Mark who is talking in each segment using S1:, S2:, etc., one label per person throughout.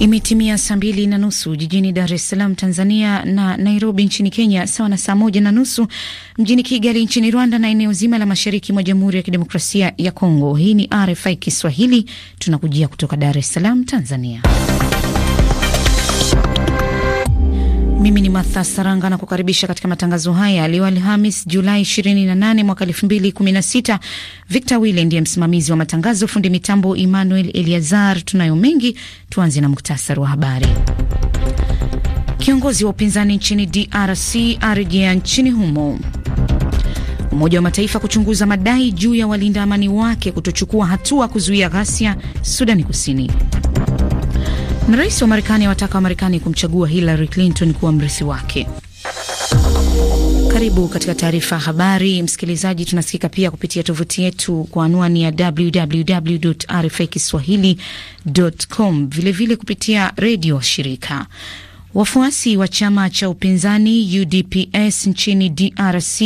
S1: Imetimia saa mbili na nusu jijini Dar es Salaam, Tanzania, na Nairobi nchini Kenya, sawa na saa moja na nusu mjini Kigali nchini Rwanda na eneo zima la mashariki mwa Jamhuri ya Kidemokrasia ya Kongo. Hii ni RFI Kiswahili, tunakujia kutoka Dar es Salaam, Tanzania. Mimi ni Matha Saranga na kukaribisha katika matangazo haya leo Alhamis Julai 28 mwaka 2016. Victor Wille ndiye msimamizi wa matangazo, fundi mitambo Emmanuel Eliazar. Tunayo mengi, tuanze na muktasari wa habari. Kiongozi wa upinzani nchini DRC arejea nchini humo. Umoja wa Mataifa kuchunguza madai juu ya walinda amani wake kutochukua hatua kuzuia ghasia Sudani Kusini na rais wa Marekani awataka marekani kumchagua Hillary Clinton kuwa mrithi wake. Karibu katika taarifa ya habari, msikilizaji. Tunasikika pia kupitia tovuti yetu kwa anwani ya www rfi kiswahili com, vilevile kupitia redio wa shirika Wafuasi wa chama cha upinzani UDPS nchini DRC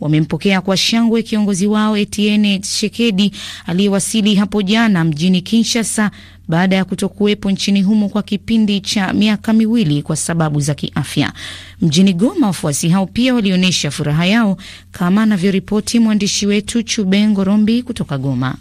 S1: wamempokea kwa shangwe kiongozi wao Etienne Tshisekedi aliyewasili hapo jana mjini Kinshasa baada ya kutokuwepo nchini humo kwa kipindi cha miaka miwili kwa sababu za kiafya. Mjini Goma, wafuasi hao pia walionyesha furaha yao kama anavyoripoti mwandishi wetu Chube Ngorombi kutoka Goma.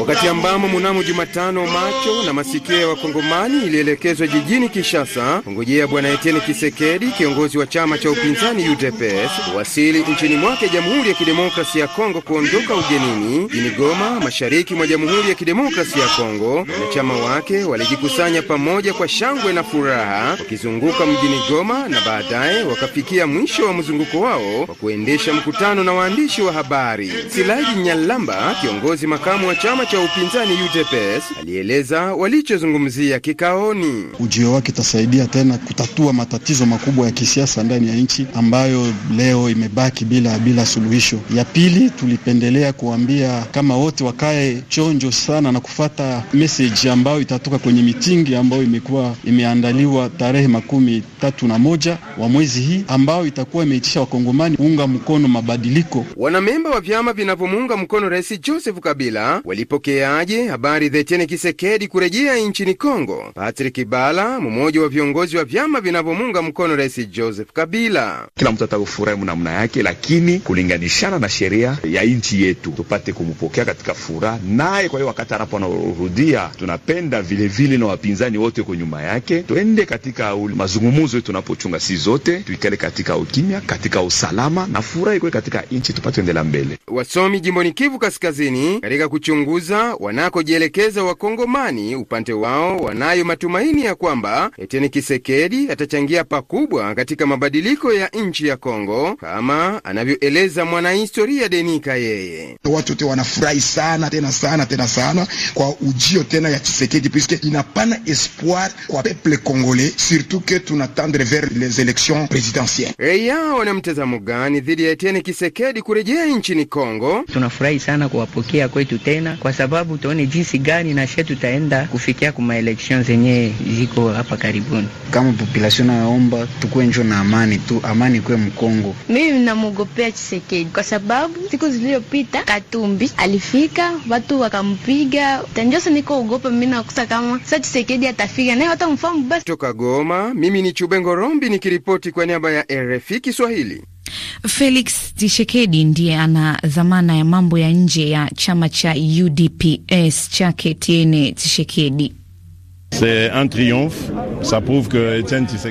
S2: Wakati ambamo mnamo Jumatano macho na masikio ya wakongomani ilielekezwa jijini Kinshasa kungojea bwana Etienne Kisekedi, kiongozi wa chama cha upinzani UDPS, kuwasili nchini mwake Jamhuri ya Kidemokrasia ya Kongo kuondoka ugenini mjini Goma, mashariki mwa Jamhuri ya Kidemokrasia ya Kongo. Wanachama wake walijikusanya pamoja kwa shangwe na furaha, wakizunguka mjini Goma na baadaye wakafikia mwisho wa mzunguko wao wa kuendesha mkutano na waandishi wa habari Silaji Nyalamba, kiongozi makamu wa chama cha upinzani UDPS, alieleza walichozungumzia kikaoni. Ujio wake
S3: itasaidia tena kutatua matatizo makubwa ya kisiasa ndani ya nchi ambayo leo imebaki bila bila suluhisho. Ya pili, tulipendelea kuambia kama wote wakae chonjo sana na kufata message ambayo itatoka kwenye mitingi ambayo imekuwa imeandaliwa tarehe makumi tatu na moja wa mwezi hii ambayo itakuwa imeitisha wakongomani unga mkono mabadiliko.
S2: Wanamemba wa vyama vinavyomuunga kumuunga mkono Rais Joseph Kabila walipokeaje habari Etienne Kisekedi kurejea nchini Kongo? Patrick Bala, mmoja wa viongozi wa vyama vinavyomuunga mkono Rais Joseph Kabila:
S4: kila mtu atakufurahi namna yake, lakini kulinganishana na sheria ya nchi yetu tupate kumpokea katika furaha naye. Kwa hiyo wakati anapo anarudia, tunapenda vilevile na wapinzani wote kwa nyuma yake, tuende katika mazungumuzo yetu, tunapochunga si zote, tuikale katika ukimya, katika usalama na furaha ikwe katika nchi, tupate endelea mbele.
S2: Wasomi jimboni Kivu Kaskazini katika kuchunguza wanakojielekeza Wakongomani. Upande wao wanayo matumaini ya kwamba Etienne Kisekedi atachangia pakubwa katika mabadiliko ya nchi ya Kongo, kama anavyoeleza mwanahistoria Denika. Yeye
S4: watu wote wanafurahi sana tena sana tena sana kwa ujio tena ya Tshisekedi piske inapana espoir kwa peple kongole surtout ke tunatendre vers les elections presidentielles.
S2: Raia wana mtazamo gani dhidi ya Etienne Kisekedi kurejea nchini Kongo?
S5: Tuna tunafurahi sana kuwapokea kwetu tena, kwa sababu tuone jinsi gani na shetu tutaenda kufikia kuma election zenye ziko hapa karibuni.
S6: Kama population naomba tukue njo na amani tu, amani kwe Mkongo.
S1: Mimi namwogopea Chisekedi kwa sababu siku zilizopita Katumbi alifika watu wakampiga tanjosa, niko ogopa mimi nakusa kama sasa Chisekedi atafika naye watamfahamu basi.
S2: Toka Goma, mimi ni Chubengo Chubengorombi nikiripoti kwa niaba ya RFI Kiswahili.
S1: Felix Tshisekedi ndiye ana dhamana ya mambo ya nje ya chama cha UDPS cha Etienne Tshisekedi.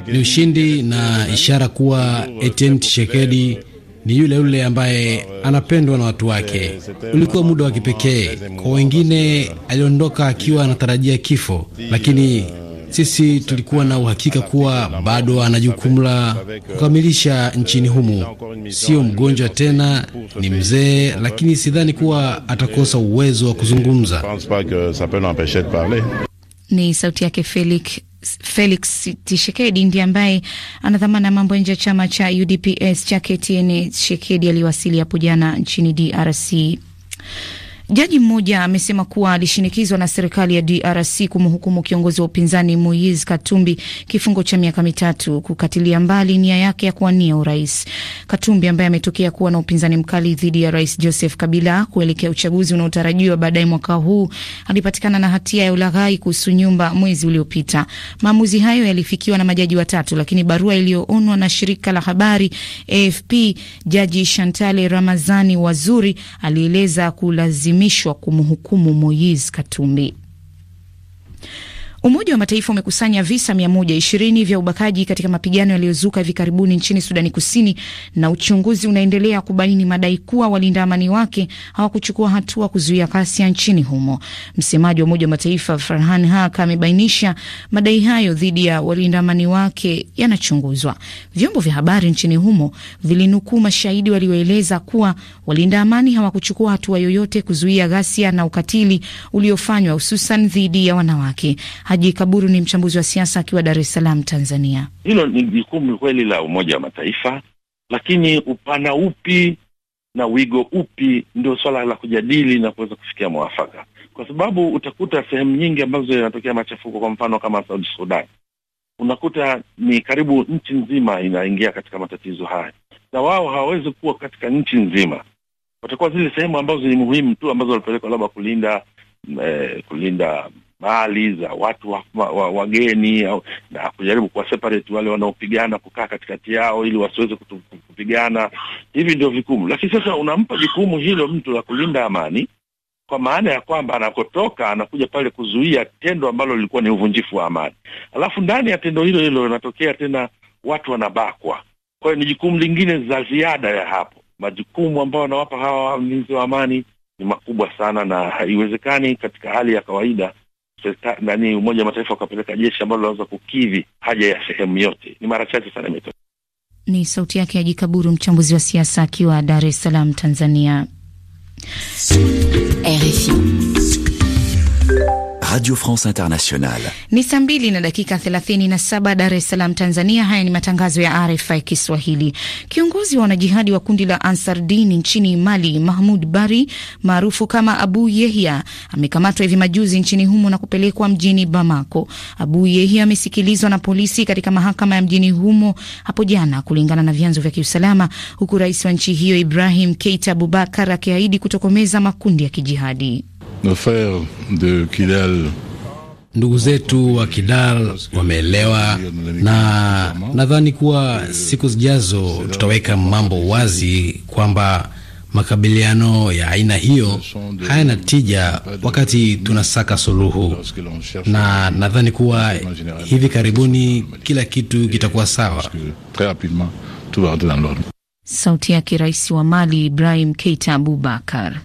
S7: Ni
S4: ushindi na ishara kuwa Etienne Tshisekedi ni yule yule ambaye anapendwa na watu wake. Ulikuwa muda wa kipekee kwa wengine, aliondoka akiwa anatarajia kifo, lakini sisi tulikuwa na uhakika kuwa bado ana jukumu la kukamilisha nchini humu. Sio mgonjwa tena, ni mzee, lakini sidhani kuwa atakosa uwezo wa kuzungumza.
S1: Ni sauti yake Felix Felix Tshisekedi ndiye ambaye anadhamana mambo nje ya chama cha UDPS chake Etienne Tshisekedi aliwasili hapo jana nchini DRC. Jaji mmoja amesema kuwa alishinikizwa na serikali ya DRC kumhukumu kiongozi wa upinzani Moise Katumbi kifungo cha miaka mitatu kukatilia mbali nia yake ya kuwania urais. Katumbi ambaye ametokea kuwa na upinzani mkali dhidi ya Rais Joseph Kabila kuelekea uchaguzi unaotarajiwa baadaye mwaka huu alipatikana na hatia ya ulaghai kuhusu nyumba mwezi uliopita. Maamuzi hayo yalifikiwa na majaji watatu, lakini barua iliyoonwa na shirika la habari AFP, Jaji Shantale Ramazani Wazuri alieleza kulazimika kulazimishwa kumhukumu Moise Katumbi. Umoja wa Mataifa umekusanya visa 120 vya ubakaji katika mapigano yaliyozuka hivi karibuni nchini Sudani Kusini, na uchunguzi unaendelea kubaini madai kuwa walinda amani wake hawakuchukua hatua kuzuia ghasia nchini humo. Msemaji wa Umoja wa Mataifa Farhan Haq amebainisha madai hayo dhidi ya walinda amani wake yanachunguzwa. Vyombo vya habari nchini humo vilinukuu mashahidi walioeleza kuwa walinda amani hawakuchukua hatua yoyote kuzuia ghasia na ukatili uliofanywa hususan dhidi ya wanawake. Haji Kaburu ni mchambuzi wa siasa akiwa Dar es Salaam, Tanzania.
S7: Hilo ni jukumu kweli la Umoja wa Mataifa, lakini upana upi na wigo upi ndio swala la kujadili na kuweza kufikia mwafaka, kwa sababu utakuta sehemu nyingi ambazo yanatokea machafuko, kwa mfano kama saudi Sudan, unakuta ni karibu nchi nzima inaingia katika matatizo haya, na wao hawawezi kuwa katika nchi nzima, watakuwa zile sehemu ambazo ni muhimu tu ambazo walipelekwa labda kulinda eh, kulinda mali za watu wa, wa, wa, wageni au, na kujaribu kuwa separate wale wanaopigana kukaa katikati yao ili wasiweze kupigana. Hivi ndio vikumu, lakini sasa unampa jukumu hilo mtu la kulinda amani, kwa maana ya kwamba anakotoka anakuja pale kuzuia tendo ambalo lilikuwa ni uvunjifu wa amani, alafu ndani ya tendo hilo hilo linatokea tena watu wanabakwa. Kwa hiyo ni jukumu lingine za ziada ya hapo. Majukumu ambayo wanawapa hawa walinzi wa amani ni makubwa sana, na haiwezekani katika hali ya kawaida nani Umoja wa Mataifa ukapeleka jeshi ambalo linaweza kukidhi haja ya sehemu yote, ni mara chache sana imetokea.
S1: Ni sauti yake Haji Kaburu, mchambuzi wa siasa akiwa Dar es Salaam, Tanzania. RFI. Radio France Internationale. Ni saa mbili na dakika 37 Dar es Salaam, Tanzania. Haya ni matangazo ya RFI Kiswahili. Kiongozi wa wanajihadi wa kundi la Ansar Dini nchini Mali, Mahmud Bari maarufu kama Abu Yehya, amekamatwa hivi majuzi nchini humo na kupelekwa mjini Bamako. Abu Yehya amesikilizwa na polisi katika mahakama ya mjini humo hapo jana, kulingana na vyanzo vya kiusalama, huku rais wa nchi hiyo Ibrahim Keita Abubakar akiahidi kutokomeza makundi ya kijihadi.
S4: Ndugu zetu wa Kidal wameelewa, na nadhani kuwa siku zijazo tutaweka mambo wazi kwamba makabiliano ya aina hiyo hayana tija wakati tunasaka suluhu, na nadhani kuwa hivi karibuni kila kitu kitakuwa sawa.
S1: Sauti yake Rais wa Mali Ibrahim Keita Abubakar.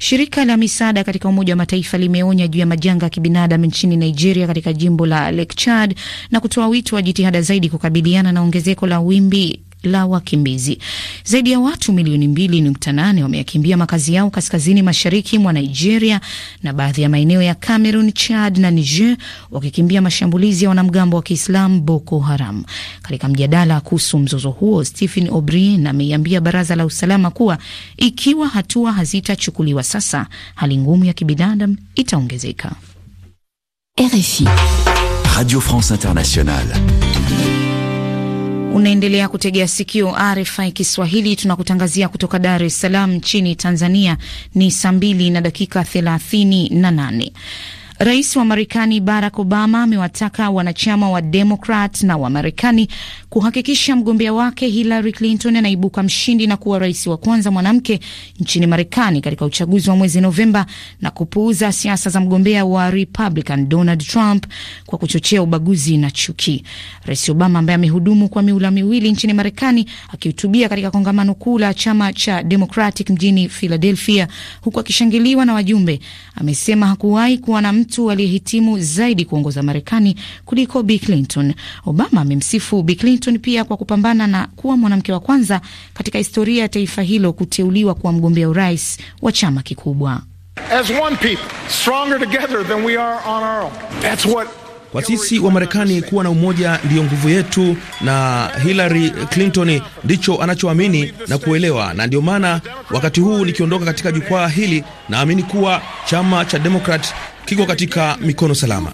S1: Shirika la misaada katika Umoja wa Mataifa limeonya juu ya majanga ya kibinadamu nchini Nigeria katika jimbo la Lake Chad na kutoa wito wa jitihada zaidi kukabiliana na ongezeko la wimbi la wakimbizi. Zaidi ya watu milioni mbili nukta nane wameyakimbia makazi yao kaskazini mashariki mwa Nigeria na baadhi ya maeneo ya Cameroon, Chad na Niger, wakikimbia mashambulizi ya wanamgambo wa Kiislamu Boko Haram. Katika mjadala kuhusu mzozo huo, Stephen O'Brien ameiambia baraza la usalama kuwa ikiwa hatua hazitachukuliwa sasa, hali ngumu ya kibinadamu itaongezeka.
S4: RFI Radio France Internationale.
S1: Unaendelea kutegea sikio RFI Kiswahili, tunakutangazia kutoka Dar es Salaam nchini Tanzania. Ni saa mbili na dakika thelathini na nane. Rais wa Marekani Barack Obama amewataka wanachama wa Demokrat na wa Marekani kuhakikisha mgombea wake Hillary Clinton anaibuka mshindi na kuwa rais wa kwanza mwanamke nchini Marekani katika uchaguzi wa mwezi Novemba na kupuuza siasa za mgombea wa Republican Donald Trump kwa kuchochea ubaguzi na chuki. Rais Obama ambaye amehudumu kwa miula miwili nchini Marekani akihutubia katika kongamano kuu la chama cha Democratic mjini Philadelphia huku akishangiliwa na wajumbe, amesema hakuwahi kuwa na mtu mtu aliyehitimu zaidi kuongoza Marekani kuliko Bi Clinton. Obama amemsifu Bi Clinton pia kwa kupambana na kuwa mwanamke wa kwanza katika historia ya taifa hilo kuteuliwa kuwa mgombea urais wa chama kikubwa.
S6: As one people, stronger together than we are on our own. That's what kwa sisi wa Marekani kuwa na umoja ndiyo nguvu yetu, na Hillary Clinton ndicho anachoamini na kuelewa, na ndiyo maana wakati huu nikiondoka katika jukwaa hili, naamini kuwa chama cha Demokrat kiko katika mikono salama.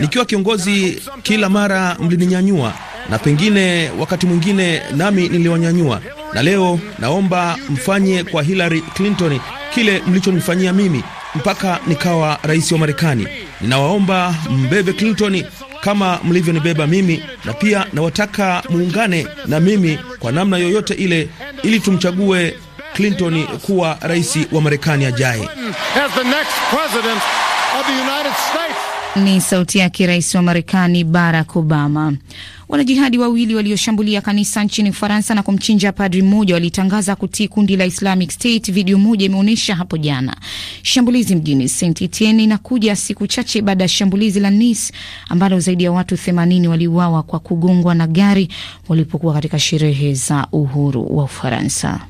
S6: Nikiwa kiongozi, kila mara mlininyanyua, na pengine wakati mwingine nami niliwanyanyua, na leo naomba mfanye kwa Hillary Clinton kile mlichonifanyia mimi mpaka nikawa rais wa Marekani. Ninawaomba mbebe Clinton kama mlivyonibeba mimi, na pia nawataka muungane na mimi kwa namna yoyote ile, ili tumchague Clinton kuwa rais wa Marekani ajaye.
S1: Ni sauti yake rais wa Marekani Barack Obama. Wanajihadi wawili walioshambulia kanisa nchini Ufaransa na kumchinja padri mmoja walitangaza kutii kundi la Islamic State, video moja imeonyesha hapo jana. Shambulizi mjini Saint Etienne inakuja siku chache baada ya shambulizi la Nice ambalo zaidi ya watu 80 waliuawa kwa kugongwa na gari walipokuwa katika sherehe za uhuru wa Ufaransa.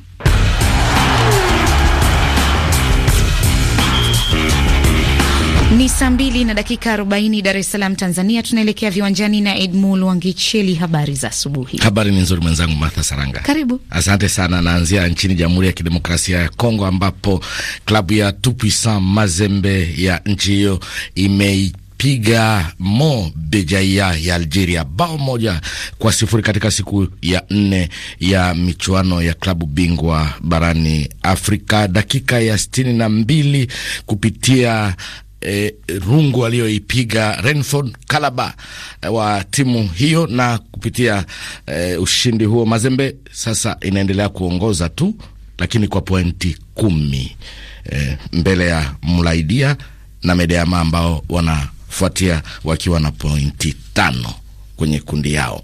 S1: Saa mbili na dakika arobaini Dar es Salaam, Tanzania. Tunaelekea viwanjani na Edmul Wangicheli. Habari za asubuhi.
S4: Habari ni nzuri mwenzangu, Martha Saranga. Karibu. Asante sana. Naanzia nchini Jamhuri ya Kidemokrasia ya Kongo ambapo klabu ya Tupuisan Mazembe ya nchi hiyo ime piga Mo Bejaia ya Algeria bao moja kwa sifuri katika siku ya nne ya michuano ya klabu bingwa barani Afrika. Dakika ya sitini na mbili kupitia E, rungu aliyoipiga Renford Kalaba e, wa timu hiyo na kupitia e, ushindi huo Mazembe sasa inaendelea kuongoza tu, lakini kwa pointi kumi e, mbele ya mulaidia na Medeama ambao wanafuatia wakiwa na pointi tano kwenye kundi yao.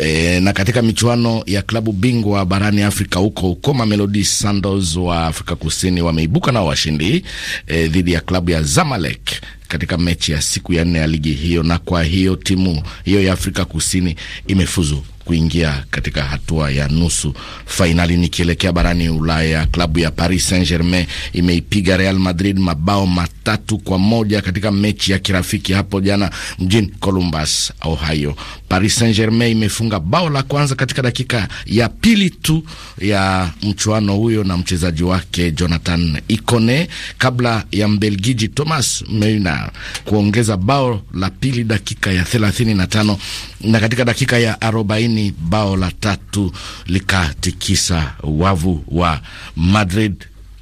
S4: E, na katika michuano ya klabu bingwa barani Afrika huko huko Mamelodi Sundowns wa Afrika Kusini wameibuka nao washindi e, dhidi ya klabu ya Zamalek katika mechi ya siku ya nne ya ligi hiyo, na kwa hiyo timu hiyo ya Afrika Kusini imefuzu kuingia katika hatua ya nusu fainali. Nikielekea barani Ulaya, klabu ya Paris Saint Germain imeipiga Real Madrid mabao matatu kwa moja katika mechi ya kirafiki hapo jana mjini Columbus, Ohio. Paris Saint Germain imefunga bao la kwanza katika dakika ya pili tu ya mchuano huyo na mchezaji wake Jonathan Ikone, kabla ya Mbelgiji Thomas Meunier kuongeza bao la pili dakika ya 35 na katika dakika ya arobaini lakini bao la tatu likatikisa wavu wa Madrid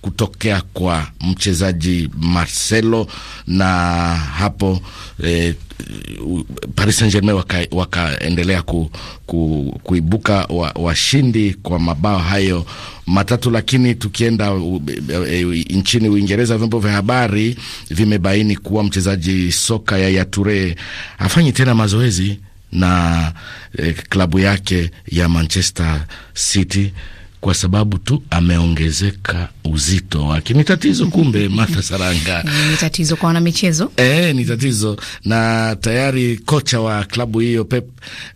S4: kutokea kwa mchezaji Marcelo na hapo eh, Paris Saint-Germain waka, wakaendelea ku, ku, kuibuka washindi wa kwa mabao hayo matatu. Lakini tukienda u, eh, e, nchini Uingereza, vyombo vya habari vimebaini kuwa mchezaji soka ya yature hafanyi tena mazoezi na eh, klabu yake ya Manchester City kwa sababu tu ameongezeka uzito wake. Ni tatizo kumbe, Martha Saranga, ni tatizo kwa wanamichezo e, ni tatizo na tayari kocha wa klabu hiyo Pep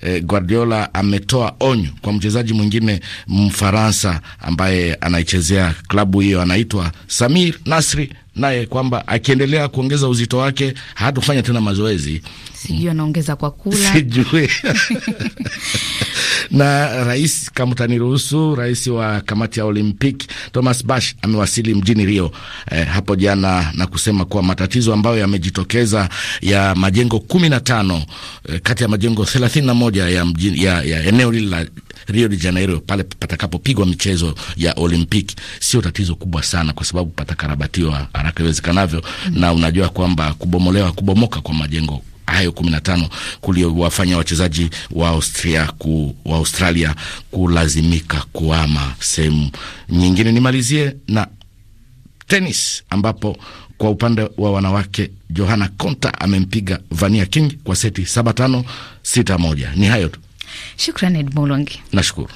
S4: eh, Guardiola ametoa onyo kwa mchezaji mwingine Mfaransa ambaye anaichezea klabu hiyo, anaitwa Samir Nasri naye kwamba akiendelea kuongeza uzito wake hatufanya tena mazoezi.
S1: Sijui anaongeza kwa kula, sijui
S4: na rais, kama ruhusu rais wa kamati ya Olympic Thomas Bach amewasili mjini Rio eh, hapo jana na kusema kuwa matatizo ambayo yamejitokeza ya majengo kumi na tano eh, kati ya majengo thelathini na moja ya, ya, ya eneo lile la Rio de Janeiro pale patakapopigwa michezo ya olimpik sio tatizo kubwa sana, kwa sababu patakarabatiwa haraka iwezekanavyo. mm -hmm. Na unajua kwamba kubomolewa kubomoka kwa majengo hayo kumi na tano kuliowafanya wachezaji wa Austria ku, wa Australia kulazimika kuama sehemu nyingine. Nimalizie na tenis ambapo kwa upande wa wanawake Johanna Konta amempiga Vania King kwa seti saba tano sita moja. Ni hayo tu. Shukran Ed Mulwangi. Nashukuru.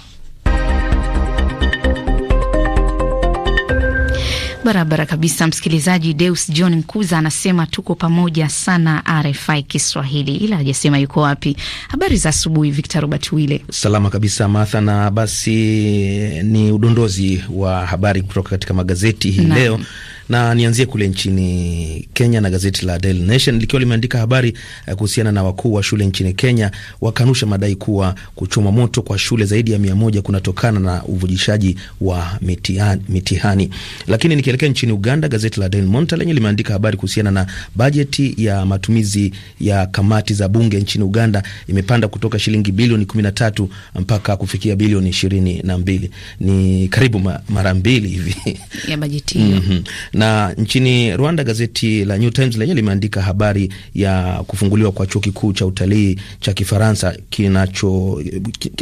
S1: Barabara kabisa, msikilizaji. Deus John Mkuza anasema tuko pamoja sana RFI Kiswahili, ila hajasema yuko wapi. Habari za asubuhi, Victor Robert Wile.
S6: Salama kabisa, Martha, na basi eh, ni udondozi wa habari kutoka katika magazeti hii leo. Na nianzie kule nchini Kenya na gazeti la Daily Nation likiwa limeandika habari eh, kuhusiana na wakuu wa shule nchini Kenya wakanusha madai kuwa kuchoma moto kwa shule zaidi ya mia moja kunatokana na uvujishaji wa mitihani, mitihani. Lakini nikielekea nchini Uganda, gazeti la Daily Monitor lenye limeandika habari kuhusiana na bajeti ya matumizi ya kamati za bunge nchini Uganda imepanda kutoka shilingi bilioni 13 mpaka kufikia bilioni 22. Ni karibu mara mbili hivi
S1: ya bajeti hiyo. Mhm.
S6: Na nchini Rwanda, gazeti la New Times lenye limeandika habari ya kufunguliwa kwa chuo kikuu cha utalii cha Kifaransa kinacho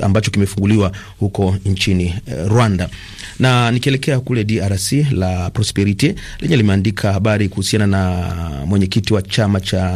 S6: ambacho kimefunguliwa huko nchini eh, Rwanda. Na nikielekea kule DRC, la Prosperity lenye limeandika habari kuhusiana na mwenyekiti wa chama cha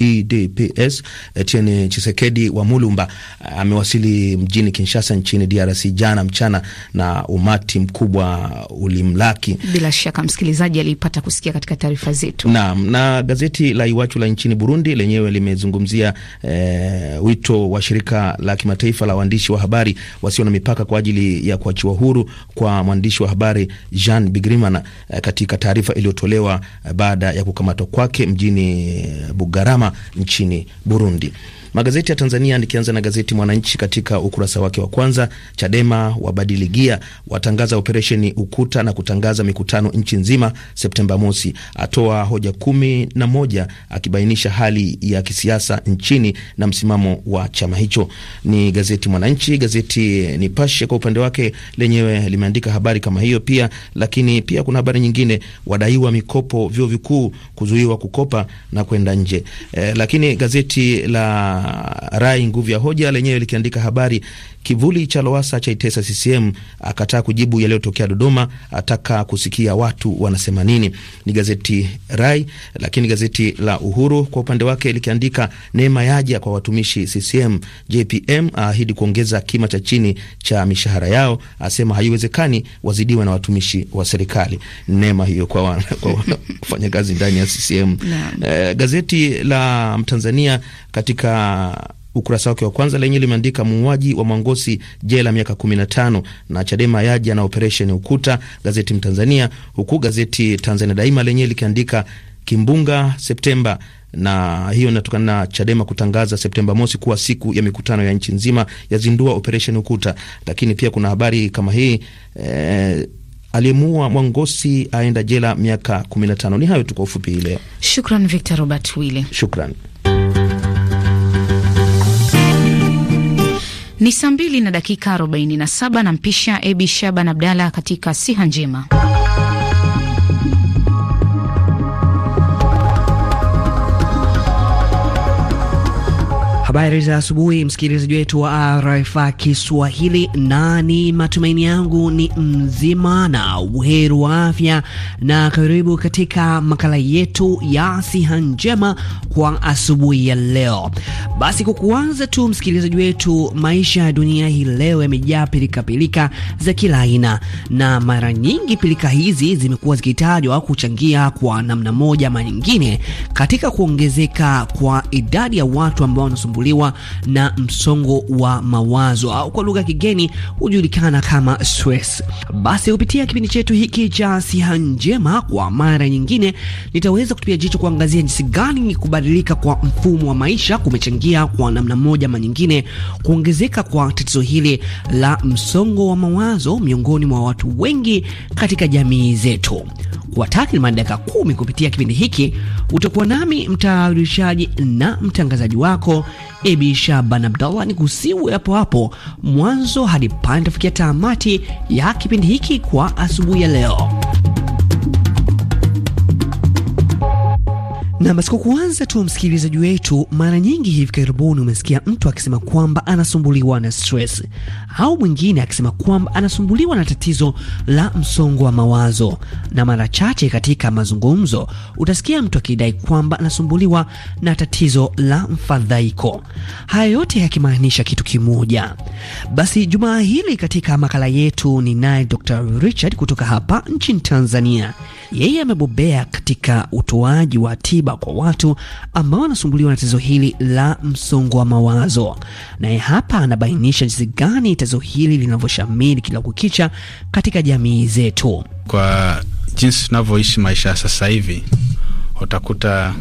S6: EDPS Etienne Chisekedi wa Mulumba amewasili mjini Kinshasa nchini DRC jana mchana, na umati mkubwa ulimlaki.
S1: Bila shaka msikilizaji alipata kusikia
S6: katika taarifa zetu. Naam, na gazeti la Iwachu la nchini Burundi lenyewe limezungumzia eh, wito wa shirika la kimataifa la waandishi wa habari wasio na mipaka kwa ajili ya kuachiwa huru kwa mwandishi wa habari Jean bigriman eh, katika taarifa iliyotolewa eh, baada ya kukamatwa kwake mjini eh, Bugarama nchini Burundi. Magazeti ya Tanzania, nikianza na gazeti Mwananchi, katika ukurasa wake wa kwanza, Chadema wabadili gia, watangaza operesheni Ukuta na kutangaza mikutano nchi nzima Septemba mosi, atoa hoja kumi na moja akibainisha hali ya kisiasa nchini na msimamo wa chama hicho. Ni gazeti Mwananchi. Gazeti Nipashe kwa upande wake lenyewe limeandika habari kama hiyo pia, lakini pia kuna habari nyingine, wadaiwa mikopo vyuo vikuu kuzuiwa kukopa na kwenda nje. Eh, lakini gazeti la Rai Nguvu ya Hoja lenyewe likiandika habari Kivuli cha Lowasa cha itesa CCM akataa kujibu yaliyotokea Dodoma, ataka kusikia watu wanasema nini. Ni gazeti Rai. Lakini gazeti la Uhuru kwa upande wake likiandika neema yaja kwa watumishi CCM, JPM aahidi kuongeza kima cha chini cha mishahara yao, asema haiwezekani wazidiwe na watumishi wa serikali. Neema hiyo kwa wana, kwa wana wafanyakazi ndani ya CCM. Eh, gazeti la Mtanzania katika ukurasa wake wa kwanza lenye limeandika muuaji wa Mwangosi jela miaka 15 na Chadema yaja na operesheni Ukuta, gazeti Mtanzania, huku gazeti Tanzania Daima lenye likiandika kimbunga Septemba na hiyo inatokana na Chadema kutangaza Septemba mosi kuwa siku ya mikutano ya nchi nzima, yazindua operesheni Ukuta. Lakini pia kuna habari kama hii eh, aliyemuua Mwangosi aenda jela miaka 15. Ni hayo tu kwa ufupi leo. Shukran Victor
S1: Robert Wile, shukran. Ni saa mbili na dakika 47 na mpisha Ebi Shaban Abdalla katika siha njema.
S5: Habari za asubuhi, msikilizaji wetu wa RFA Kiswahili, na ni matumaini yangu ni mzima na uheru wa afya, na karibu katika makala yetu ya siha njema kwa asubuhi ya leo. Basi kwa kuanza tu, msikilizaji wetu, maisha ya dunia hii leo yamejaa pilikapilika za kila aina, na mara nyingi pilika hizi zimekuwa zikitajwa kuchangia kwa namna moja ama nyingine katika kuongezeka kwa idadi ya watu ambao wanasumbua kusumbuliwa na msongo wa mawazo au kwa lugha ya kigeni hujulikana kama stress. Basi kupitia kipindi chetu hiki cha Siha Njema, kwa mara nyingine nitaweza kutupia jicho kuangazia jinsi gani kubadilika kwa mfumo wa maisha kumechangia kwa namna moja ama nyingine kuongezeka kwa tatizo hili la msongo wa mawazo miongoni mwa watu wengi katika jamii zetu kwa takriban dakika kumi kupitia kipindi hiki. Utakuwa nami mtayarishaji na mtangazaji wako Ebi Shaban Abdallah, ni kusiwe hapo hapo mwanzo hadi pande kufikia tamati ya kipindi hiki kwa asubuhi ya leo. Na basi kwa kuanza tu, msikilizaji wetu, mara nyingi hivi karibuni umesikia mtu akisema kwamba anasumbuliwa na stress au mwingine akisema kwamba anasumbuliwa na tatizo la msongo wa mawazo, na mara chache katika mazungumzo utasikia mtu akidai kwamba anasumbuliwa na tatizo la mfadhaiko. Haya yote yakimaanisha kitu kimoja. Basi jumaa hili katika makala yetu ni naye Dr. Richard kutoka hapa nchini Tanzania. Yeye amebobea katika utoaji wa tiba tiba kwa watu ambao wanasumbuliwa na tatizo hili la msongo wa mawazo. Naye hapa anabainisha jinsi gani tatizo hili linavyoshamiri kila kukicha katika jamii zetu.
S3: Kwa jinsi tunavyoishi maisha ya sasa hivi, utakuta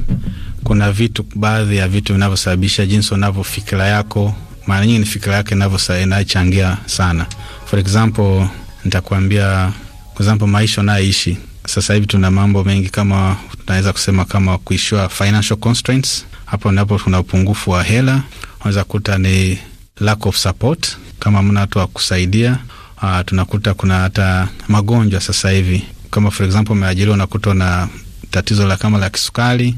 S3: kuna vitu, baadhi ya vitu vinavyosababisha jinsi unavyofikira yako, mara nyingi ni fikira yako inayochangia sana. For example, nitakuambia kwa example, maisha unayoishi sasa hivi tuna mambo mengi kama tunaweza kusema kama kuishua financial constraints. Hapo ndipo tuna upungufu wa hela, unaweza kuta ni lack of support, kama mna watu wa kusaidia. Uh, tunakuta kuna hata magonjwa sasa hivi, kama for example umeajiriwa, unakuta na tatizo la kama la kisukari,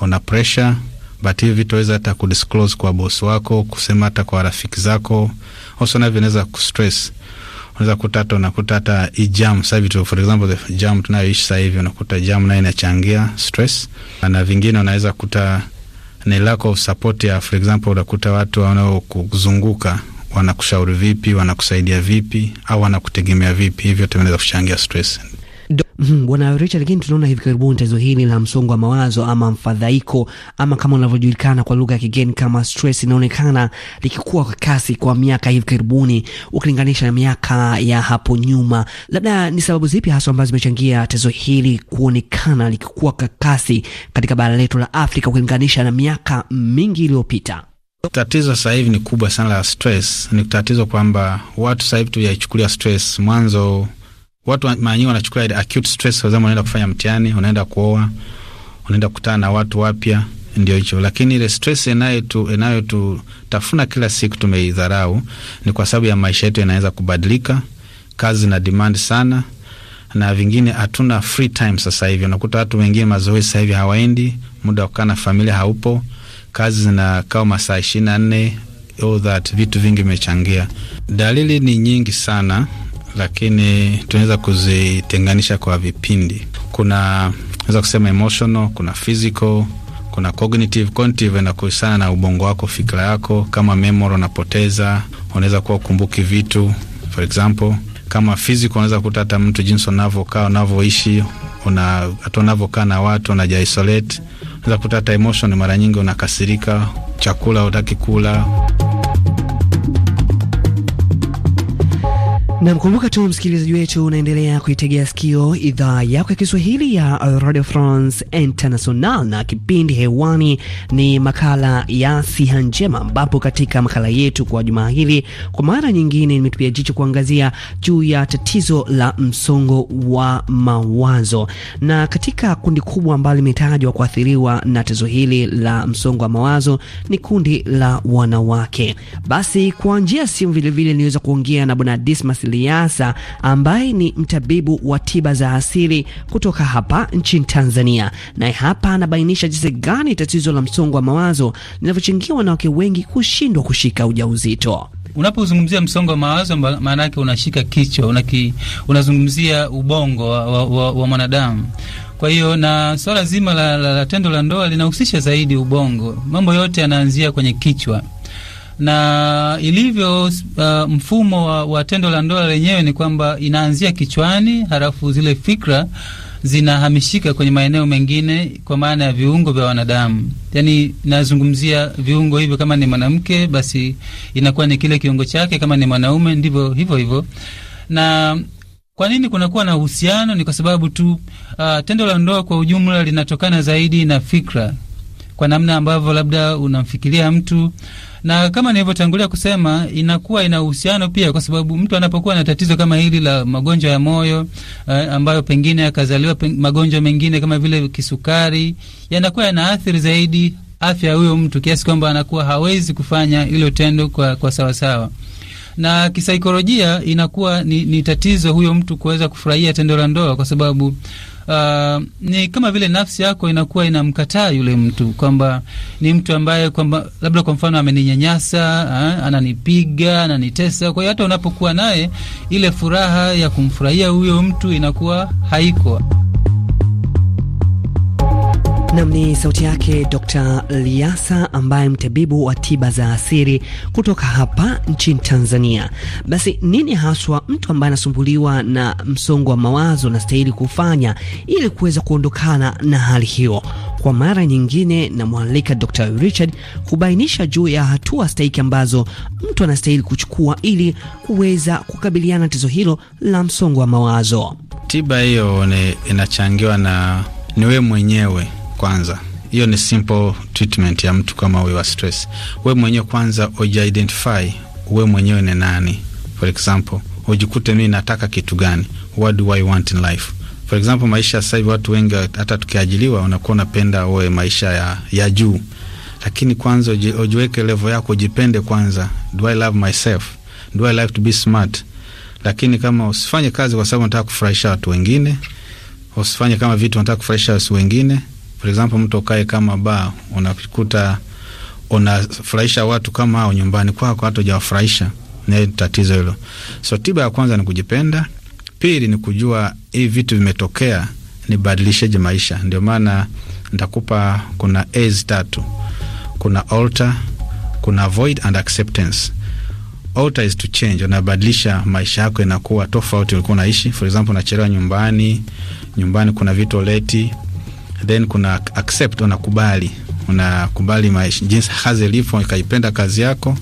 S3: una pressure but hivi vitaweza hata kudisclose kwa bosi wako, kusema hata kwa rafiki zako, au sana vinaweza kustress unaweza kuta hata unakuta hata hii jam sasa hivi for example the jam tunayoishi sasa hivi unakuta jam nayo inachangia stress, na vingine unaweza kuta ni lack of support ya for example, unakuta watu wanaokuzunguka wanakushauri vipi, wanakusaidia vipi, au wanakutegemea vipi, hivyo tunaweza kuchangia stress.
S5: Mhm, Bwana mm, Richard lakini tunaona hivi karibuni tatizo hili la msongo wa mawazo ama mfadhaiko ama kama unavyojulikana kwa lugha ya kigeni kama stress inaonekana likikuwa kwa kasi kwa miaka hivi karibuni ukilinganisha na miaka ya hapo nyuma. Labda ni sababu zipi hasa ambazo zimechangia tatizo hili kuonekana likikuwa kwa kasi katika bara letu la Afrika ukilinganisha na miaka mingi iliyopita?
S3: Tatizo sasa hivi ni kubwa sana la stress. Ni tatizo kwamba watu sasa hivi tuyaichukulia stress mwanzo watu mara nyingi wanachukua ile acute stress, kwa sababu unaenda kufanya mtihani, unaenda kuoa, unaenda kukutana na watu wapya, ndio hicho. Lakini ile stress inayo inayo tu tu tafuna kila siku tumeidharau, ni kwa sababu ya maisha yetu yanaweza kubadilika, kazi na demand sana na vingine hatuna free time sasa hivi. Unakuta watu wengine mazoezi sasa hivi hawaendi, muda wa kukaa na familia haupo, kazi zinakaa masaa 24 all that, vitu vingi vimechangia. Dalili ni nyingi sana lakini tunaweza kuzitenganisha kwa vipindi. Kuna naweza kusema emotional, kuna physical, kuna cognitive. Cognitive inakuhusiana na ubongo wako, fikira yako, kama memory unapoteza, unaweza kuwa ukumbuki vitu for example. Kama physical, unaweza kuta hata mtu jinsi unavyokaa, unavyoishi, una hata unavyokaa na watu, unaja isolate. Unaweza kuta hata emotion, mara nyingi unakasirika, chakula hutaki kula.
S5: Namkumbuka tu msikilizaji wetu, unaendelea kuitegea sikio idhaa yako ya Kiswahili ya Radio France International, na kipindi hewani ni makala ya Siha Njema, ambapo katika makala yetu kwa jumaa hili kwa mara nyingine nimetupia jicho kuangazia juu ya tatizo la msongo wa mawazo. Na katika kundi kubwa ambalo limetajwa kuathiriwa na tatizo hili la msongo wa mawazo ni kundi la wanawake. Basi kwa njia simu vilevile niliweza kuongea na Bwana Dismas Liasa ambaye ni mtabibu wa tiba za asili kutoka hapa nchini Tanzania, naye hapa anabainisha jinsi gani tatizo la msongo wa mawazo linavyochangia wanawake wengi kushindwa kushika
S8: ujauzito. Unapozungumzia msongo wa mawazo, maana yake unashika kichwa, unaki, unazungumzia ubongo wa, wa, wa, wa mwanadamu. Kwa hiyo na swala zima la, la, la tendo la ndoa linahusisha zaidi ubongo. Mambo yote yanaanzia kwenye kichwa na ilivyo uh, mfumo wa, wa tendo la ndoa lenyewe ni kwamba inaanzia kichwani, halafu zile fikra zinahamishika kwenye maeneo mengine, kwa maana ya viungo vya wanadamu. Yani nazungumzia viungo hivyo, kama ni mwanamke basi inakuwa ni kile kiungo chake, kama ni mwanaume ndivyo hivyo hivyo. Na kwa nini kunakuwa na uhusiano? Ni kwa sababu tu uh, tendo la ndoa kwa ujumla linatokana zaidi na fikra, kwa namna ambavyo labda unamfikiria mtu na kama nilivyotangulia kusema inakuwa ina uhusiano pia, kwa sababu mtu anapokuwa na tatizo kama hili la magonjwa ya moyo eh, ambayo pengine akazaliwa peng, magonjwa mengine kama vile kisukari yanakuwa yanaathiri zaidi afya ya huyo mtu kiasi kwamba anakuwa hawezi kufanya hilo tendo kwa, kwa sawasawa na kisaikolojia inakuwa ni, ni tatizo huyo mtu kuweza kufurahia tendo la ndoa kwa sababu uh, ni kama vile nafsi yako inakuwa inamkataa yule mtu kwamba ni mtu ambaye kwamba labda kwa mfano ameninyanyasa, uh, ananipiga, ananitesa. Kwa hiyo hata unapokuwa naye ile furaha ya kumfurahia huyo mtu inakuwa haiko. Nam
S5: ni sauti yake Dr. Liasa ambaye mtabibu wa tiba za asili kutoka hapa nchini Tanzania. Basi nini haswa mtu ambaye anasumbuliwa na msongo wa mawazo anastahili kufanya ili kuweza kuondokana na hali hiyo? Kwa mara nyingine namwalika Dr. Richard kubainisha juu ya hatua stahiki ambazo mtu anastahili kuchukua ili kuweza kukabiliana tatizo hilo la msongo wa mawazo.
S3: Tiba hiyo inachangiwa na ni wewe mwenyewe kwanza. Hiyo ni simple treatment ya mtu kama wewe wa stress. We mwenyewe kwanza uja identify we mwenyewe ni nani. For example, ujikute mimi nataka kitu gani? What do I want in life? For example, maisha sasa hivi watu wengi hata tukiajiliwa unakuwa unapenda wewe maisha ya, ya juu. Lakini kwanza ujiweke level yako ujipende kwanza. Do I love myself? Do I like to be smart? Lakini kama usifanye kazi kwa sababu unataka kufurahisha watu wengine, usifanye kama vitu unataka kufurahisha watu wengine For example, mtu ukae kama ba, unakuta unafurahisha watu kama hao nyumbani kwako, hata hujawafurahisha, ni tatizo hilo. So tiba ya kwanza ni kujipenda, pili ni kujua hivi vitu vimetokea, nibadilisheje maisha. Ndio maana ntakupa, kuna A's tatu, kuna alter, kuna avoid and acceptance. Alter is to change, unabadilisha maisha yako, inakuwa tofauti ulikuwa unaishi. For example, unachelewa nyumbani, nyumbani kuna vitu leti then kuna accept, unakubali unakubali maisha jinsi kazi ilivyo, ikaipenda kazi yako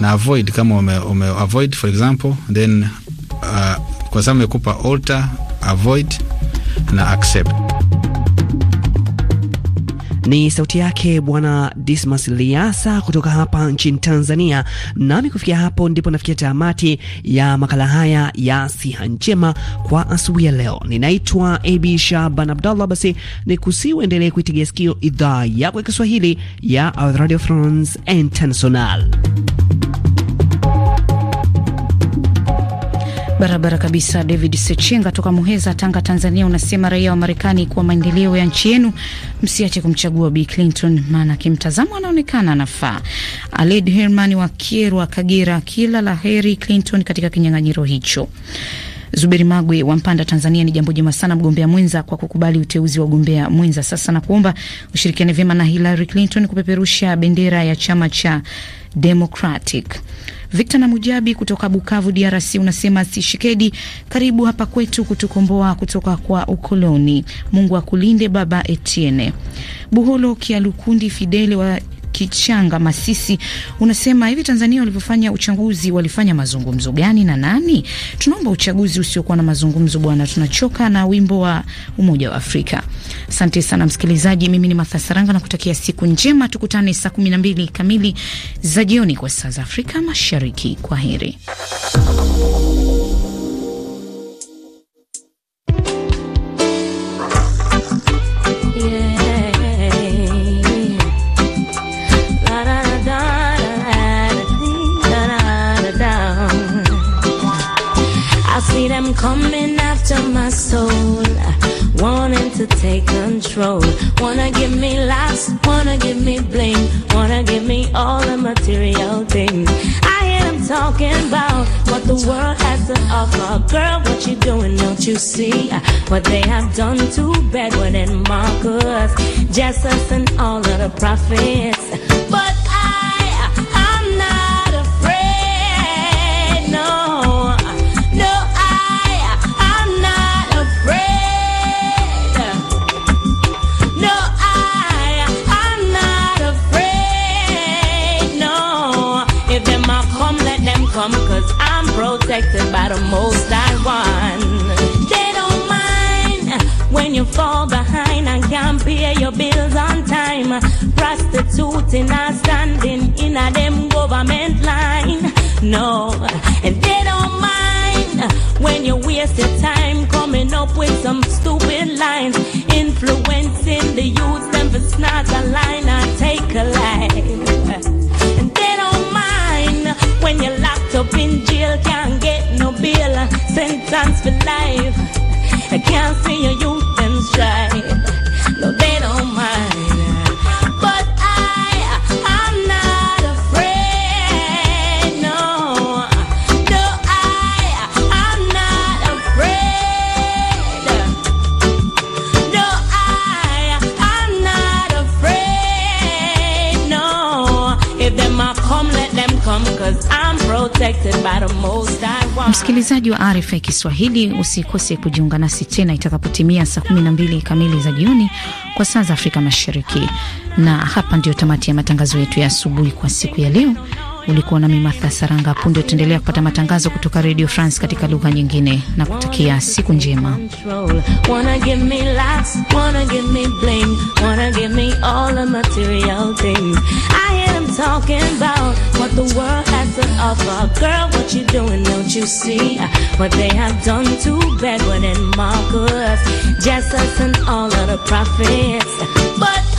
S3: na avoid kama ume, ume avoid for example then uh, kwa sababu imekupa alter avoid na accept.
S5: Ni sauti yake Bwana Dismas Liasa kutoka hapa nchini Tanzania. Nami kufikia hapo ndipo nafikia tamati ya makala haya ya siha njema kwa asubuhi ya leo. Ninaitwa Abi Shaban Abdallah. Basi ni uendelee kuitigia sikio idhaa yako ya Kiswahili ya Radio France International. Barabara kabisa. David
S1: Sechenga toka Muheza, Tanga, Tanzania, unasema raia wa Marekani, kwa maendeleo ya nchi yenu msiache kumchagua Bi Clinton, maana kimtazamo anaonekana anafaa. Aled Herman wa Kierwa, Kagera, kila la heri Clinton katika kinyang'anyiro hicho. Zuberi Magwe wa Mpanda, Tanzania, ni jambo jema sana mgombea mwenza kwa kukubali uteuzi wa ugombea mwenza. Sasa nakuomba ushirikiane vyema na Hillary Clinton kupeperusha bendera ya chama cha Democratic. Victor na Mujabi kutoka Bukavu, DRC, unasema sishikedi karibu hapa kwetu kutukomboa kutoka kwa ukoloni. Mungu akulinde baba Etienne. Buholo Kialukundi Fidele wa Kichanga, Masisi, unasema hivi, Tanzania walivyofanya uchaguzi walifanya mazungumzo gani na nani? Tunaomba uchaguzi usiokuwa na mazungumzo bwana, tunachoka na wimbo wa Umoja wa Afrika. Asante sana msikilizaji, mimi ni Martha Saranga na kutakia siku njema, tukutane saa 12 kamili za jioni kwa saa za Afrika Mashariki. Kwa heri.
S9: coming after my soul, wanting to take control. Wanna give me laughs, wanna give me bling, wanna give me all the material things. I hear them talking about what the world has to offer. Girl, what you doing? Don't you see what they have done to Bedouin and Marcus, Jesus, and all of the prophets? protected by the most I want. They don't mind when you fall behind and can't pay your bills on time. Prostituting and standing in a them government line. No, and they don't mind when you waste your time coming up with some stupid lines, influencing the youth them for not a line I take a life. And they don't mind when you lie up in jail, can't get no bail, sentence for life. I can't see your youth and strive.
S1: Msikilizaji wa RFI Kiswahili, usikose kujiunga nasi tena itakapotimia saa 12 kamili za jioni kwa saa za Afrika Mashariki. Na hapa ndio tamati ya matangazo yetu ya asubuhi kwa siku ya leo. Ulikuwa nami Martha Saranga. Punde utaendelea kupata matangazo kutoka Radio France katika lugha nyingine, na kutakia siku njema.
S9: talking about what the world has to offer. Girl, what you doing? Don't you see what they have done to Bedouin and Marcus, Jesus, and all of the prophets? But